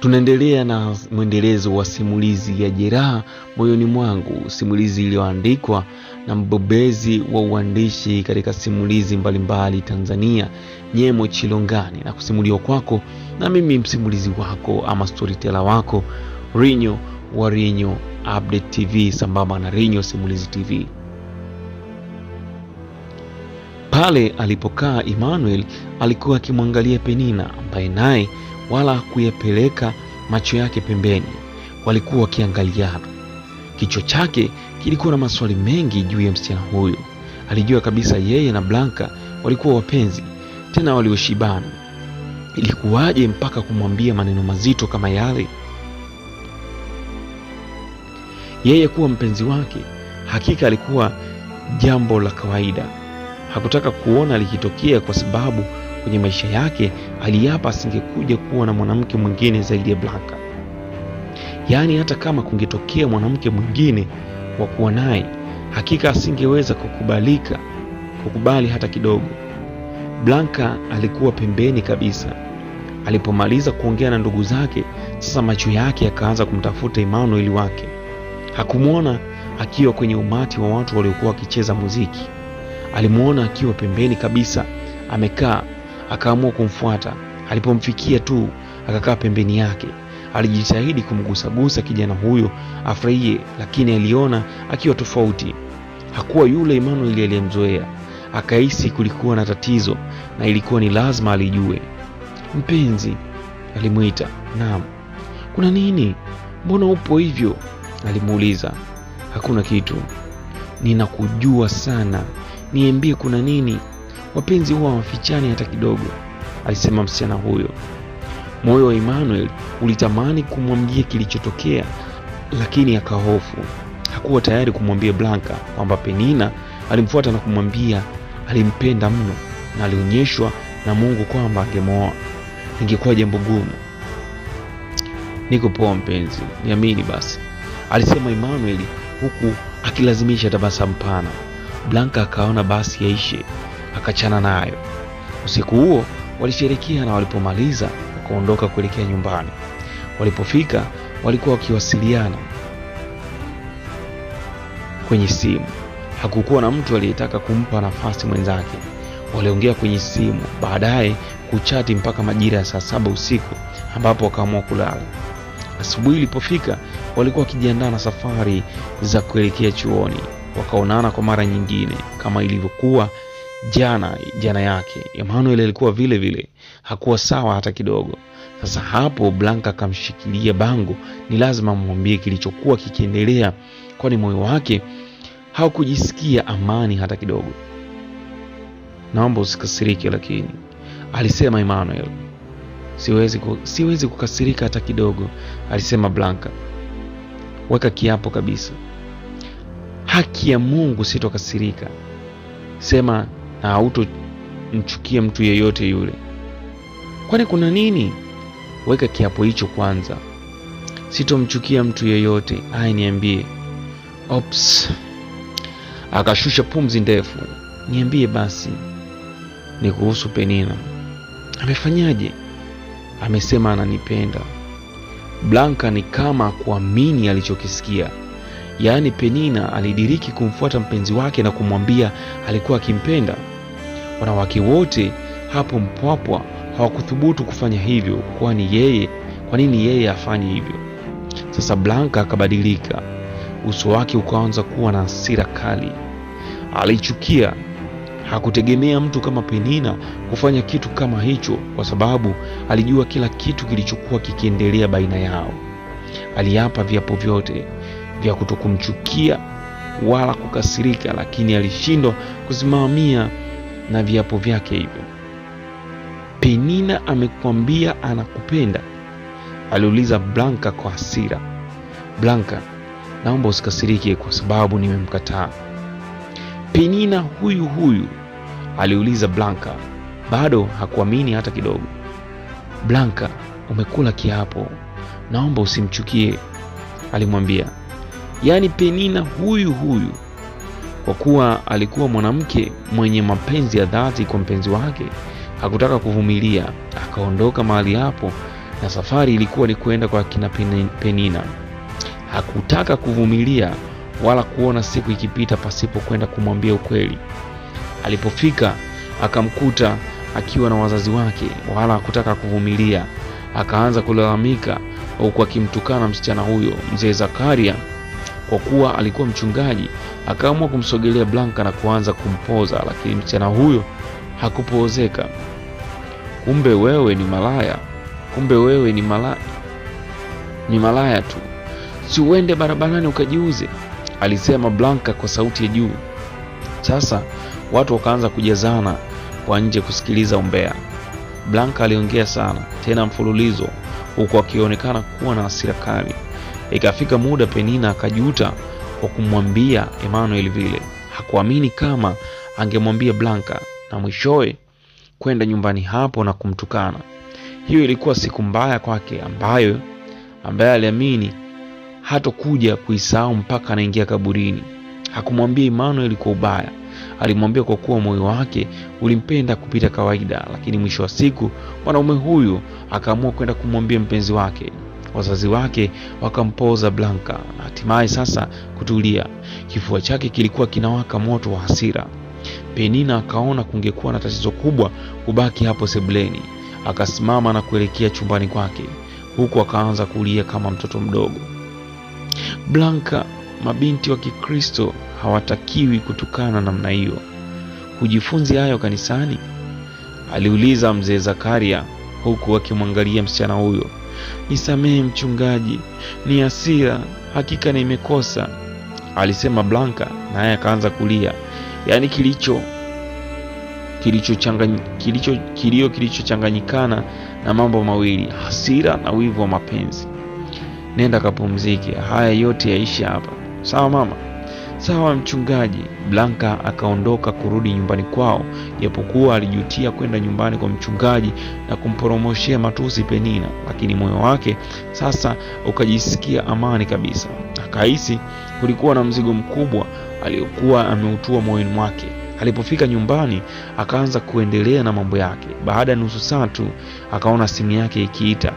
Tunaendelea na mwendelezo wa simulizi ya Jeraha Moyoni Mwangu, simulizi iliyoandikwa na mbobezi wa uandishi katika simulizi mbalimbali Tanzania, Nyemo Chilongani, na kusimuliwa kwako na mimi msimulizi wako ama storyteller wako Rinyo wa Rinyo Update TV sambamba na Rinyo Simulizi TV. Pale alipokaa Emmanuel alikuwa akimwangalia Penina ambaye naye wala kuyapeleka macho yake pembeni. Walikuwa wakiangaliana. Kichwa chake kilikuwa na maswali mengi juu ya msichana huyo. Alijua kabisa yeye na Blanka walikuwa wapenzi tena walioshibana. Ilikuwaje mpaka kumwambia maneno mazito kama yale? Yeye kuwa mpenzi wake hakika alikuwa jambo la kawaida. Hakutaka kuona likitokea kwa sababu kwenye maisha yake aliapa asingekuja kuwa na mwanamke mwingine zaidi ya Blanka. Yaani hata kama kungetokea mwanamke mwingine wa kuwa naye, hakika asingeweza kukubalika kukubali hata kidogo. Blanka alikuwa pembeni kabisa. Alipomaliza kuongea na ndugu zake, sasa macho yake yakaanza kumtafuta Emmanuel wake. Hakumwona akiwa kwenye umati wa watu waliokuwa wakicheza muziki. Alimwona akiwa pembeni kabisa amekaa akaamua kumfuata. Alipomfikia tu akakaa pembeni yake. Alijitahidi kumgusagusa kijana huyo afurahie, lakini aliona akiwa tofauti. Hakuwa yule Emmanuel aliyemzoea. Akahisi kulikuwa na tatizo na ilikuwa ni lazima alijue. Mpenzi, alimwita. Naam. Kuna nini? Mbona upo hivyo? alimuuliza. Hakuna kitu. Ninakujua sana. Niambie kuna nini? wapenzi huwa wafichani hata kidogo, alisema msichana huyo. Moyo wa Emmanuel ulitamani kumwambia kilichotokea, lakini akahofu. Hakuwa tayari kumwambia Blanka kwamba Penina alimfuata na kumwambia alimpenda mno na alionyeshwa na Mungu kwamba angemwoa. Ingekuwa jambo gumu. Niko poa mpenzi, niamini basi, alisema Emmanuel huku akilazimisha tabasamu pana. Blanka akaona basi yaishe wakachana nayo. Usiku huo walisherekea na walipomaliza wakaondoka kuelekea nyumbani. Walipofika walikuwa wakiwasiliana kwenye simu. Hakukuwa na mtu aliyetaka kumpa nafasi mwenzake. Waliongea kwenye simu, baadaye kuchati mpaka majira ya saa saba usiku ambapo wakaamua kulala. Asubuhi ilipofika, walikuwa wakijiandaa na safari za kuelekea chuoni. Wakaonana kwa mara nyingine kama ilivyokuwa jana jana yake Emmanuel alikuwa vile vile, hakuwa sawa hata kidogo. Sasa hapo Blanka akamshikilia bango, ni lazima amwambie kilichokuwa kikiendelea, kwani moyo wake hawakujisikia amani hata kidogo. Naomba usikasirike, lakini alisema Emmanuel. Siwezi, ku, siwezi kukasirika hata kidogo, alisema Blanka. Weka kiapo kabisa, haki ya Mungu sitokasirika. Sema na hautomchukia mtu yeyote yule. Kwani kuna nini? Weka kiapo hicho kwanza, sitomchukia mtu yeyote. Aya, niambie. Ops, akashusha pumzi ndefu. Niambie basi, ni kuhusu Penina. Amefanyaje? Amesema ananipenda. Blanka ni kama kuamini alichokisikia yaani Penina alidiriki kumfuata mpenzi wake na kumwambia alikuwa akimpenda. Wanawake wote hapo Mpwapwa hawakuthubutu kufanya hivyo, kwani yeye, kwa nini yeye afanye hivyo? Sasa Blanka akabadilika, uso wake ukaanza kuwa na hasira kali. Alichukia, hakutegemea mtu kama Penina kufanya kitu kama hicho, kwa sababu alijua kila kitu kilichokuwa kikiendelea baina yao. Aliapa viapo vyote vya kutokumchukia wala kukasirika, lakini alishindwa kusimamia na viapo vyake. Hivyo Penina amekwambia anakupenda? aliuliza Blanka kwa hasira. Blanka, naomba usikasirike kwa sababu nimemkataa. Penina huyu huyu? aliuliza Blanka. Bado hakuamini hata kidogo. Blanka, umekula kiapo, naomba usimchukie, alimwambia yaani Penina huyu huyu, kwa kuwa alikuwa mwanamke mwenye mapenzi ya dhati kwa mpenzi wake, hakutaka kuvumilia, akaondoka mahali hapo, na safari ilikuwa ni kwenda kwa kina Penina. Hakutaka kuvumilia wala kuona siku ikipita pasipo kwenda kumwambia ukweli. Alipofika akamkuta akiwa na wazazi wake, wala hakutaka kuvumilia, akaanza kulalamika huku akimtukana msichana huyo. Mzee Zakaria kwa kuwa alikuwa mchungaji, akaamua kumsogelea Blanka na kuanza kumpoza, lakini msichana huyo hakupozeka Kumbe wewe ni malaya, kumbe wewe ni malaya, ni malaya tu, si uende barabarani ukajiuze, alisema Blanka kwa sauti ya juu. Sasa watu wakaanza kujazana kwa nje kusikiliza umbea. Blanka aliongea sana tena mfululizo, huku akionekana kuwa na hasira kali. Ikafika muda Penina akajuta kwa kumwambia Emmanuel vile. Hakuamini kama angemwambia Blanka na mwishowe kwenda nyumbani hapo na kumtukana. Hiyo ilikuwa siku mbaya kwake ambayo ambaye aliamini hatokuja kuisahau mpaka anaingia kaburini. Hakumwambia Emmanuel kwa ubaya, alimwambia kwa kuwa moyo wake ulimpenda kupita kawaida, lakini mwisho wa siku mwanaume huyu akaamua kwenda kumwambia mpenzi wake wazazi wake wakampoza Blanka na hatimaye sasa kutulia. Kifua chake kilikuwa kinawaka moto wa hasira. Penina akaona kungekuwa na tatizo kubwa kubaki hapo sebuleni. Akasimama na kuelekea chumbani kwake, huku akaanza kulia kama mtoto mdogo. Blanka, mabinti wa Kikristo hawatakiwi kutukana namna hiyo. Hujifunzi hayo kanisani? aliuliza mzee Zakaria, huku akimwangalia msichana huyo nisamehe mchungaji, ni hasira, hakika nimekosa, alisema Blanka, naye akaanza kulia. Yaani kilicho kilicho kilicho kilio kilichochanganyikana na mambo mawili, hasira na wivu wa mapenzi. Nenda kapumzike, haya yote yaisha hapa, sawa mama? Sawa mchungaji. Blanka akaondoka kurudi nyumbani kwao, japokuwa alijutia kwenda nyumbani kwa mchungaji na kumporomoshea matusi Penina, lakini moyo wake sasa ukajisikia amani kabisa. Akahisi kulikuwa na mzigo mkubwa aliyokuwa ameutua moyoni mwake. Alipofika nyumbani akaanza kuendelea na mambo yake. Baada ya nusu saa tu akaona simu yake ikiita.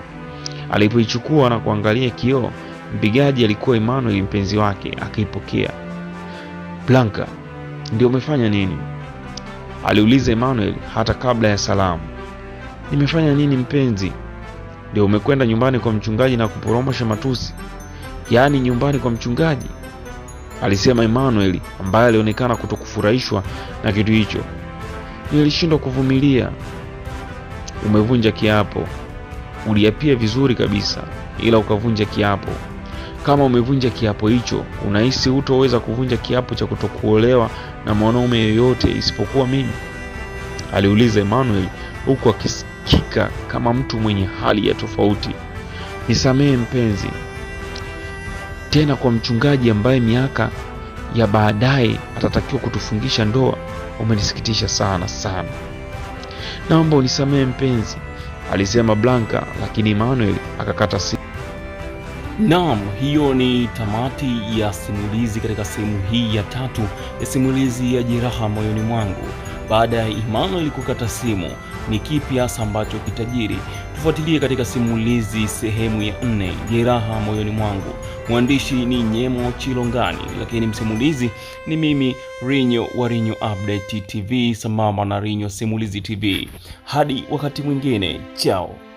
Alipoichukua na kuangalia kioo, mpigaji alikuwa Emmanuel, mpenzi wake. Akaipokea. Blanka, ndio umefanya nini? aliuliza Emmanuel hata kabla ya salamu. Nimefanya nini mpenzi? Ndio umekwenda nyumbani kwa mchungaji na kuporomosha matusi? Yaani nyumbani kwa mchungaji? alisema Emmanuel ambaye alionekana kutokufurahishwa na kitu hicho. Nilishindwa kuvumilia. Umevunja kiapo. Uliapia vizuri kabisa, ila ukavunja kiapo. Kama umevunja kiapo hicho, unahisi hutoweza kuvunja kiapo cha kutokuolewa na mwanaume yeyote isipokuwa mimi? aliuliza Emmanuel huku akisikika kama mtu mwenye hali ya tofauti. Nisamehe mpenzi, tena kwa mchungaji ambaye miaka ya baadaye atatakiwa kutufungisha ndoa. Umenisikitisha sana sana, naomba unisamehe mpenzi, alisema Blanka, lakini Emmanuel akakata si Naam, hiyo ni tamati ya simulizi katika sehemu hii ya tatu ya simulizi ya Jeraha Moyoni Mwangu. Baada ya Emmanuel kukata simu, ni kipi hasa ambacho kitajiri? Tufuatilie katika simulizi sehemu ya nne, Jeraha Moyoni Mwangu. Mwandishi ni Nyemo Chilongani, lakini msimulizi ni mimi Rinyo wa Rinyo Update TV, sambamba na Rinyo Simulizi TV. Hadi wakati mwingine, chao.